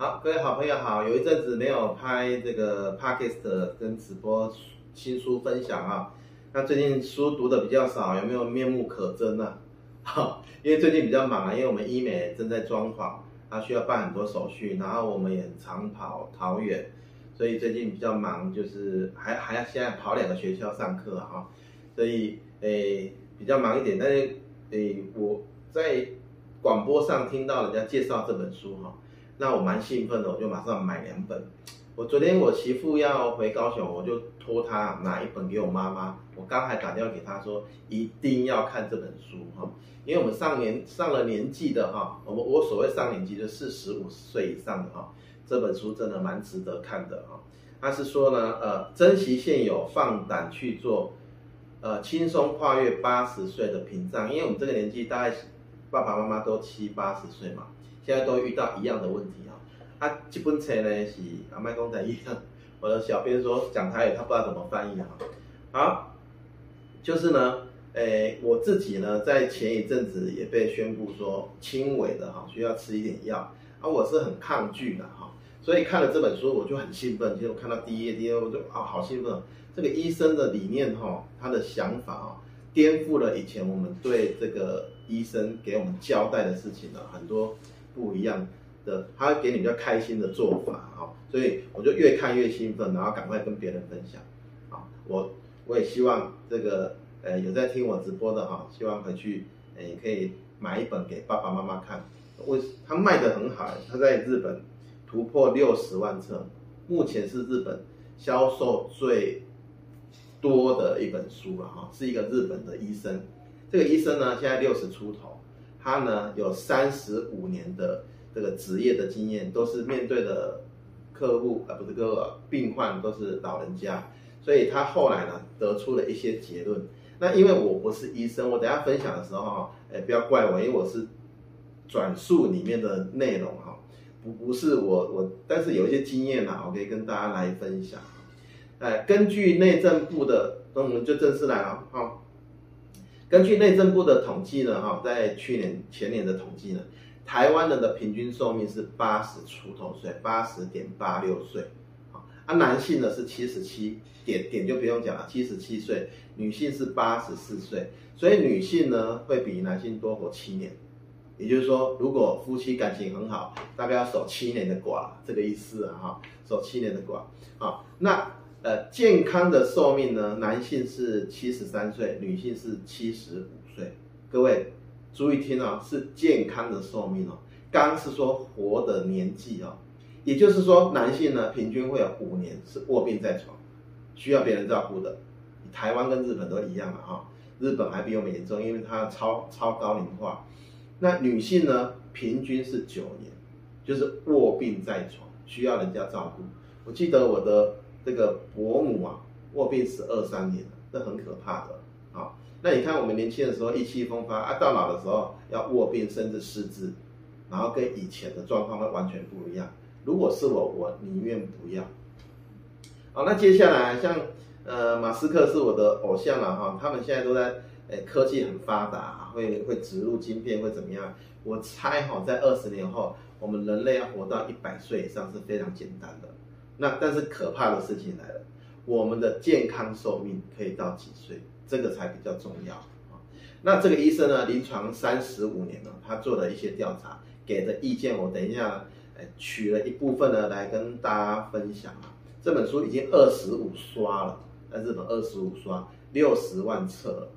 好，各位好朋友好，有一陣子沒有拍這個 podcast 跟直播新書分享啊。那最近書讀得比較少，有沒有面目可憎啊？哈，因為最近比較忙，啊，因為我們醫美正在裝潢，它需要辦很多手續，然後我們也常跑桃園，所以最近比較忙，就是還還要現在跑兩個學校上課啊，所以誒比較忙一點，但是誒我在廣播上聽到人家介紹這本書哈、啊。那我蠻興奮的，我就馬上買兩本。我昨天我媳婦要回高雄，我就托她拿一本給我媽媽。我剛才打電話給她說，一定要看這本書哈，因為我們上年上了年紀的哈，我們我所謂上年紀就是四十五十歲以上的哈，這本書真的蠻值得看的。她是說呢，呃，珍惜現有，放膽去做，呃，輕鬆跨越八十歲的屏障，因為我們這個年紀大概爸爸媽媽都七八十歲嘛。現在都遇到一樣的問題啊！啊，這本書呢是阿麥公仔醫生，我的小編說講台語他不知道怎麼翻譯哈。好、啊，就是呢，誒、欸，我自己呢在前一陣子也被宣布說輕微的哈、啊，需要吃一點藥，啊，我是很抗拒的哈、啊，所以看了這本書我就很興奮，其實我看到第一頁、第二頁我就啊好興奮，這個醫生的理念哈、啊，他的想法顛、啊、覆了以前我們對這個醫生給我們交代的事情的、啊、很多。不一樣的，他會給你比較開心的做法啊，所以我就越看越興奮，然後趕快跟別人分享啊。我我也希望這個呃、欸、有在聽我直播的哈，希望回去呃、欸、可以買一本給爸爸媽媽看。為他賣得很好、欸，他在日本突破六十萬冊，目前是日本銷售最多的一本書了哈。是一個日本的醫生，這個醫生呢現在六十出頭。他呢有三十五年的這個職業的經驗，都是面對的客戶啊，不是客戶、啊、病患都是老人家，所以他後來呢得出了一些結論。那因為我不是醫生，我等下分享的時候哈，哎不要怪我，因為我是轉述裡面的內容哈，不不是我我，但是有一些經驗呢、啊，我可以跟大家來分享。哎，根據內政部的，那我們就正式來了，好。根據內政部的統計呢，哈，在去年前年的統計呢，台灣人的平均壽命是八十出頭歲，八十點八六歲，啊，男性呢是七十七點點就不用講了，七十七歲，女性是八十四歲，所以女性呢會比男性多活七年，也就是說，如果夫妻感情很好，大概要守七年的寡，這個意思啊，哈，守七年的寡，啊，那。呃，健康的壽命呢，男性是七十三歲，女性是七十五歲。各位注意聽啊、哦，是健康的壽命哦。剛是說活的年紀哦，也就是說男性呢，平均會有五年是臥病在床，需要別人照顧的。台灣跟日本都一樣了哈、哦，日本還比我們嚴重，因為它超超高齡化。那女性呢，平均是九年，就是臥病在床，需要人家照顧。我記得我的。這個伯母啊，臥病十二三年了，這很可怕的啊。好，那你看我們年輕的時候意氣風發啊，到老的時候要臥病甚至失智，然後跟以前的狀況會完全不一樣。如果是我，我寧願不要。好，那接下來像呃馬斯克是我的偶像了、啊、哈，他們現在都在，哎科技很發達，會會植入晶片會怎麼樣？我猜哈、哦，在二十年後，我們人類要活到一百歲以上是非常簡單的。那但是可怕的事情來了，我們的健康壽命可以到幾歲？這個才比較重要啊。那這個醫生呢，臨床三十五年了，他做了一些調查，給的意見我等一下，誒，取了一部分呢來跟大家分享啊。這本書已經二十五刷了，在日本二十五刷六十萬冊了。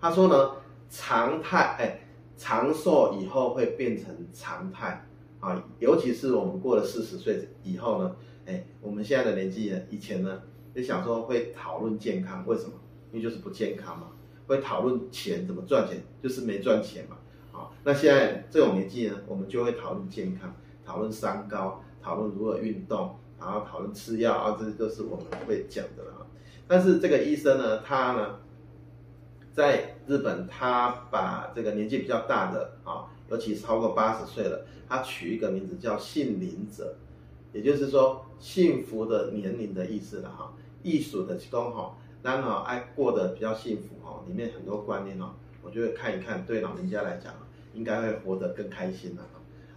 他說呢，常態誒長壽以後會變成常態啊，尤其是我們過了四十歲以後呢。哎、欸，我們現在的年紀呢，以前呢，就想說會討論健康，為什麼？因為就是不健康嘛。會討論錢怎麼賺錢，就是沒賺錢嘛。好、哦，那現在這種年紀呢，我們就會討論健康，討論三高，討論如何運動，然後討論吃藥啊，這就是我們會講的了。但是這個醫生呢，他呢，在日本，他把這個年紀比較大的啊、哦，尤其是超過八十歲了，他取一個名字叫“幸齡者”，也就是說。幸福的年齡的意思了哈，藝術的東哈，當然了，愛過得比較幸福哦，裡面很多觀念哦，我就會看一看，對老人家來講，應該會活得更開心了。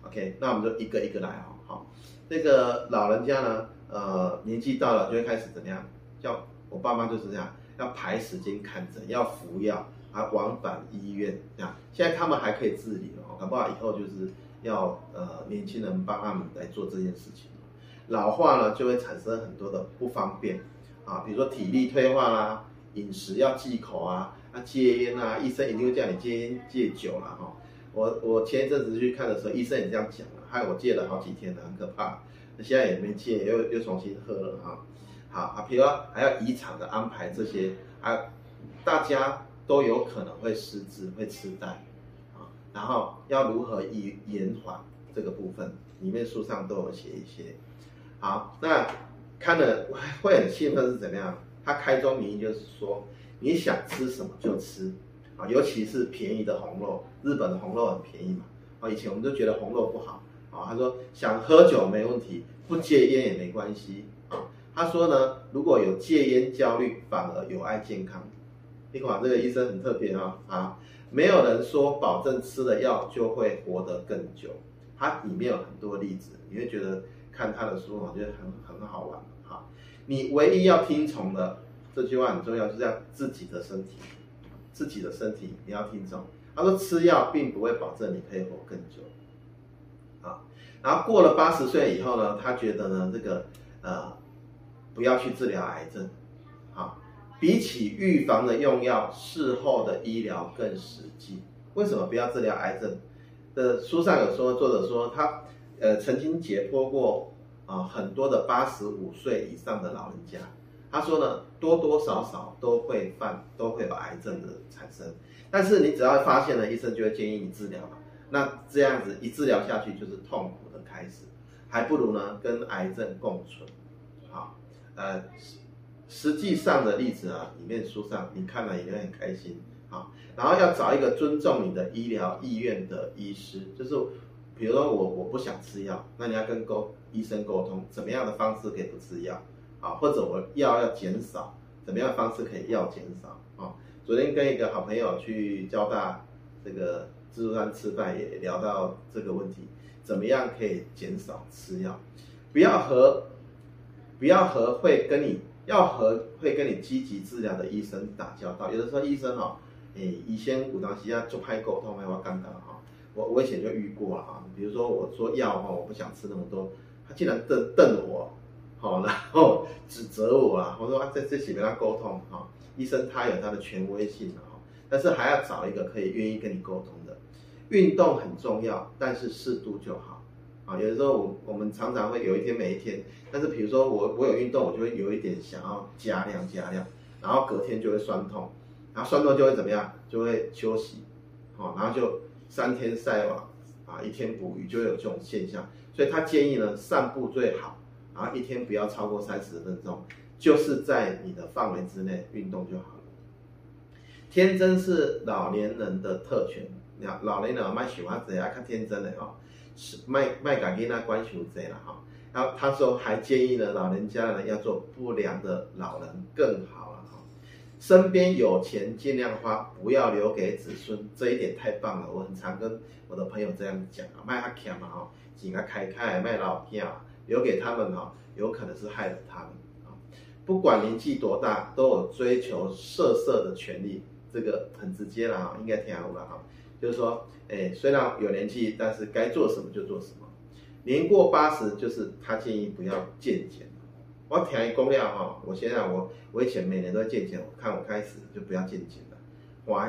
OK，那我們就一個一個來哦。好，那個老人家呢，呃，年紀到了就會開始怎麼樣？叫我爸媽就是這樣，要排時間看診，要服藥，還往返醫院啊。現在他們還可以自理哦，搞不好以後就是要呃，年輕人幫他們來做這件事情。老化了就會產生很多的不方便啊，比如說體力退化啦、啊，飲食要忌口啊，那、啊、戒菸啊，醫生一定會叫你戒菸戒酒啦，哈。我我前一陣子去看的時候，醫生也這樣講了、啊，害我戒了好幾天、啊、很可怕。那現在也沒戒，又又重新喝了啊，好啊，比如說還要遺產的安排這些啊，大家都有可能會失智會癡呆啊，然後要如何延延緩這個部分，裡面書上都有寫一些。好，那看了會很興奮是怎麼樣？他開宗明義就是說，你想吃什麼就吃，啊，尤其是便宜的紅肉，日本的紅肉很便宜嘛，啊，以前我們都覺得紅肉不好，啊，他說想喝酒沒問題，不戒煙也沒關係，啊，他說呢，如果有戒煙焦慮，反而有礙健康。你看這個醫生很特別啊，沒有人說保證吃了藥就會活得更久，他裡面有很多例子，你會覺得。看他的書，我覺得很很好玩哈，你唯一要聽從的這句話很重要，就是要自己的身體，自己的身體你要聽從。他說吃藥並不會保證你可以活更久啊。然後過了八十歲以後呢，他覺得呢，這個呃不要去治療癌症啊，比起預防的用藥，事後的醫療更實際。為什麼不要治療癌症？這書上有說，作者說他呃曾經解剖過。啊，很多的八十五歲以上的老人家，他說呢，多多少少都會犯，都會有癌症的產生。但是你只要發現了，醫生就會建議你治療嘛。那這樣子一治療下去就是痛苦的開始，還不如呢跟癌症共存。好，呃，實際上的例子啊，裡面書上你看了也會很開心。好，然後要找一個尊重你的醫療意願的醫師，就是比如說我我不想吃藥，那你要跟溝。醫生溝通，怎麼樣的方式可以不吃藥啊？或者我藥要減少，怎麼樣的方式可以藥減少啊、哦？昨天跟一個好朋友去交大這個自助餐吃飯，也聊到這個問題，怎麼樣可以減少吃藥？不要和不要和會跟你要和會跟你積極治療的醫生打交道。有的時候醫生哈，你以前古當西藥就怕溝通，有要尷尬啊。我我以前就遇過啊。比如說我說藥的話，我不想吃那麼多。他竟然瞪瞪我，好，然後指責我啊，我說啊，在這起跟他溝通哈，醫生他有他的權威性啊，但是還要找一個可以願意跟你溝通的。運動很重要，但是適度就好啊。有的時候我我們常常會有一天沒一天，但是比如說我我有運動，我就會有一點想要加量加量，然後隔天就會酸痛，然後酸痛就會怎麼樣，就會休息，好，然後就三天曬網啊，一天捕魚，就會有這種現象。所以他建議呢，散步最好，然後一天不要超過三十分鐘，就是在你的範圍之內運動就好了。天真是老年人的特權，老年人麥喜歡誰啊？看天真的哦，是麥麥家囡仔關心誰啦？哈、哦，然後他說還建議呢，老人家呢要做不良的老人更好了哈、哦。身邊有錢盡量花，不要留給子孫，這一點太棒了，我很常跟我的朋友這樣講啊，麥他欠嘛哦。應該、啊、開開賣老片啊，留給他們啊、哦，有可能是害了他們啊、哦。不管年紀多大，都有追求色色的權利，這個很直接了啊、哦，應該挺好了哈、哦。就是說，哎，雖然有年紀，但是該做什麼就做什麼。年過八十，就是他建議不要漸減。我要調一個量哈，我現在我我以前每年都在漸減，我看我開始就不要漸減了，我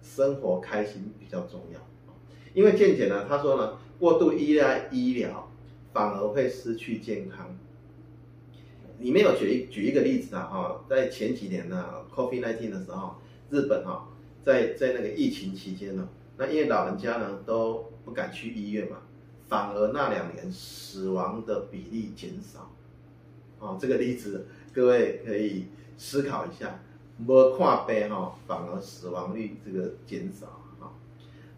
生活開心比較重要。哦、因為漸減呢，他說呢。過度依賴醫療，反而會失去健康。裡面有舉一舉一個例子啊，哈，在前幾年呢，COVID-19 的時候，日本哈，在在那個疫情期間呢，那因為老人家呢都不敢去醫院嘛，反而那兩年死亡的比例減少。哦，這個例子，各位可以思考一下，不看病哈，反而死亡率這個減少。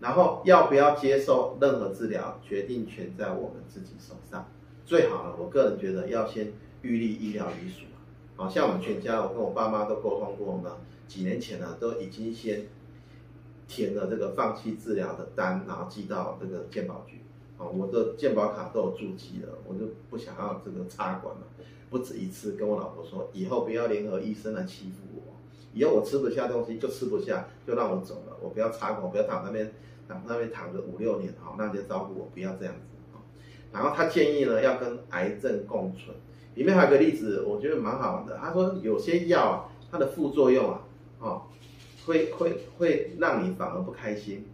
然後要不要接受任何治療，決定權在我們自己手上。最好呢，我個人覺得要先預立醫療遺囑。好像我們全家，我跟我爸媽都溝通過，我們幾年前呢、啊、都已經先填了這個放棄治療的單，然後寄到這個健保局。啊、哦，我的健保卡都有注記了，我就不想要這個插管了。不止一次跟我老婆說，以後不要聯合醫生來欺負我，以後我吃不下東西就吃不下，就讓我走了，我不要插管，我不要躺在那邊。那躺那邊躺了五六年，哦，那就招呼我不要這樣子。然後他建議呢，要跟癌症共存。裡面還有一個例子，我覺得蠻好玩的。他說有些藥、啊、它的副作用啊，哦，會會會讓你反而不開心。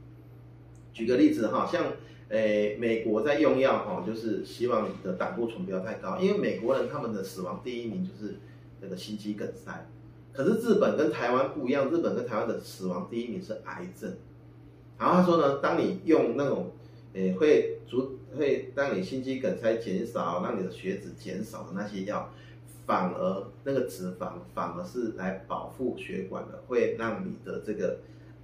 舉個例子哈，像誒、欸、美國在用藥哈，就是希望你的膽固醇不要太高，因為美國人他們的死亡第一名就是那個心肌梗塞。可是日本跟台灣不一樣，日本跟台灣的死亡第一名是癌症。然後他說呢，當你用那種，呃、欸，會阻、會讓你心肌梗塞減少，讓你的血脂減少的那些藥，反而那個脂肪反而是來保護血管的，會讓你的這個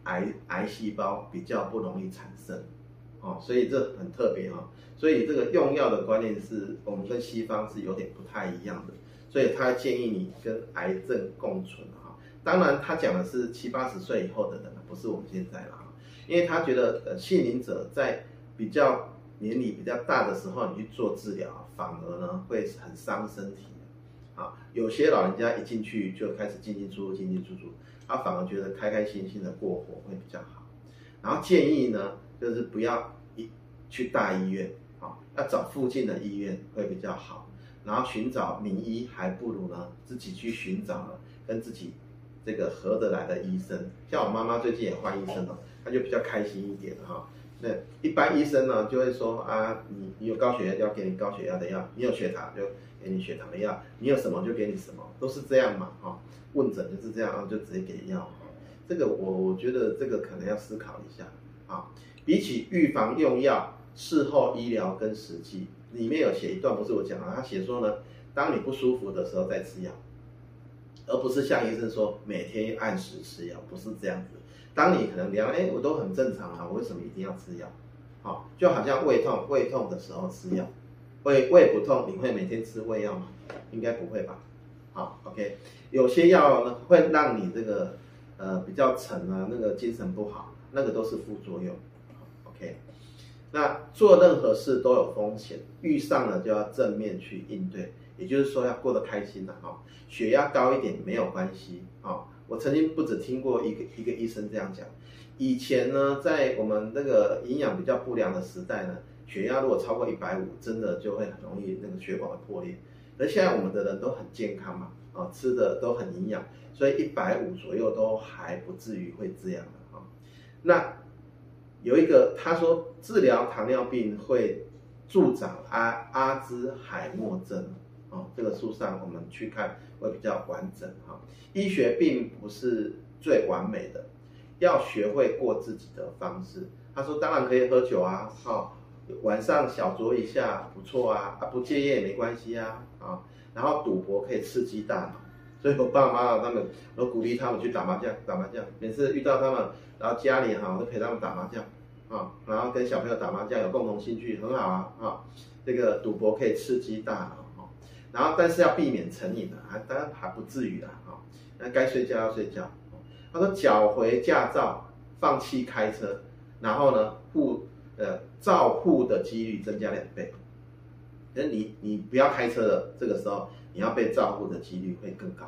癌癌細胞比較不容易產生，哦，所以這很特別哦，所以這個用藥的觀念是我們跟西方是有點不太一樣的，所以他建議你跟癌症共存啊、哦，當然他講的是七八十歲以後的人，不是我們現在啦。因為他覺得，呃，性存者在比較年齡比較大的時候，你去做治療，反而呢會很傷身體，啊，有些老人家一進去就開始進進出出，進進出出，他、啊、反而覺得開開心心的過活會比較好。然後建議呢，就是不要一去大醫院，啊，要找附近的醫院會比較好。然後尋找名醫，還不如呢自己去尋找跟自己這個合得來的醫生。像我媽媽最近也換醫生了。啊他就比較開心一點哈，那一般醫生呢就會說啊，你你有高血壓就要給你高血壓的藥，你有血糖就給你血糖的藥，你有什麼就給你什麼，都是這樣嘛哈。問診就是這樣啊，就直接給藥。這個我我覺得這個可能要思考一下啊。比起預防用藥，事後醫療跟實際，裡面有寫一段，不是我講的，他寫說呢，當你不舒服的時候再吃藥，而不是像醫生說每天按時吃藥，不是這樣子的。當你可能量，哎，我都很正常啊，我為什麼一定要吃藥？好，就好像胃痛，胃痛的時候吃藥，胃胃不痛，你會每天吃胃藥嗎？應該不會吧。好，OK，有些藥呢會讓你這個，呃，比較沉啊，那個精神不好，那個都是副作用。OK，那做任何事都有風險，遇上了就要正面去應對，也就是說要過得開心了啊，血壓高一點沒有關係。我曾經不止聽過一個一個醫生這樣講，以前呢，在我們那個營養比較不良的時代呢，血壓如果超過一百五，真的就會很容易那個血管會破裂。而現在我們的人都很健康嘛，啊，吃的都很營養，所以一百五左右都還不至於會這樣的啊。那有一個他說，治療糖尿病會助長阿阿茲海默症。哦，這個書上我們去看會比較完整哈、哦。醫學並不是最完美的，要學會過自己的方式。他說當然可以喝酒啊，哈、哦，晚上小酌一下不錯啊，啊不戒菸也沒關係啊，啊，啊哦、然後賭博可以刺激大腦，所以我爸媽他們，我鼓勵他們去打麻將，打麻將每次遇到他們，然後家裡哈我都陪他們打麻將，啊、哦，然後跟小朋友打麻將有共同興趣很好啊，哈、哦，這個賭博可以刺激大腦。然後，但是要避免成癮了、啊，還當然還不至於啦，啊，那該睡覺要睡覺。他說，繳回駕照，放棄開車，然後呢，護呃照護的幾率增加兩倍。那你你不要開車了，這個時候你要被照護的幾率會更高，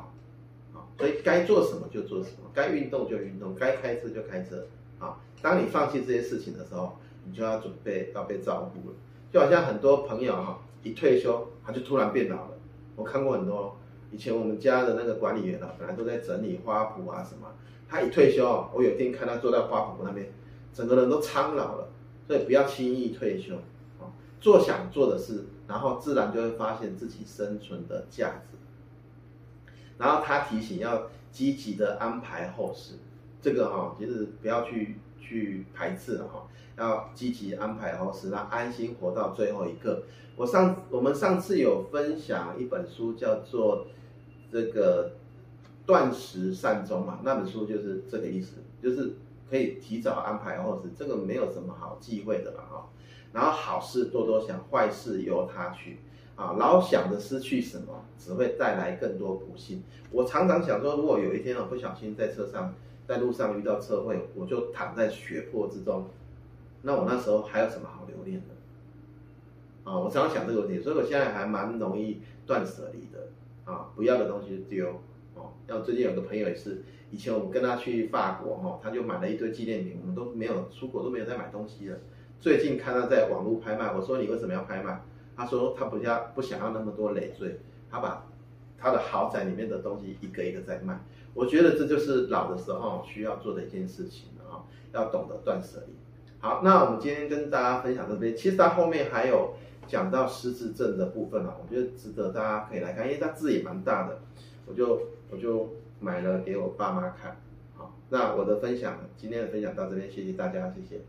啊。所以該做什麼就做什麼，該運動就運動，該開車就開車，啊。當你放棄這些事情的時候，你就要準備要被照顧了。就好像很多朋友哈，一退休他就突然變老了。我看過很多，以前我們家的那個管理員呢，本來都在整理花圃，啊什麼，他一退休，我有一天看他坐在花圃那邊，整個人都蒼老了，所以不要輕易退休，做想做的事，然後自然就會發現自己生存的價值。然後他提醒要積極的安排後事，這個哈，其實不要去。去排斥了哈，要積極安排，然後使他安心活到最後一刻。我上我們上次有分享一本書，叫做這個斷食善終嘛，那本書就是這個意思，就是可以提早安排，然後是這個沒有什麼好忌諱的了哈。然後好事多多想，壞事由他去啊，老想着失去什麼，只會帶來更多不幸。我常常想說，如果有一天我不小心在車上。在路上遇到車禍，我就躺在血泊之中。那我那時候還有什麼好留戀的？啊、哦，我常常想這個問題，所以我現在還蠻容易斷捨離的。啊、哦，不要的東西丟。哦，要最近有個朋友也是，以前我們跟他去法國哈、哦，他就買了一堆紀念品，我們都沒有出國都沒有再買東西了。最近看他在網絡拍賣，我說你為什麼要拍賣？他說他不要不想要那麼多累贅，他把他的豪宅裡面的東西一個一個在賣。我覺得這就是老的時候需要做的一件事情啊，要懂得斷舍離。好，那我們今天跟大家分享這邊，其實它後面還有講到失智症的部分啊，我覺得值得大家可以來看，因為它字也蠻大的，我就我就買了給我爸媽看。好，那我的分享，今天的分享到這邊，謝謝大家，謝謝。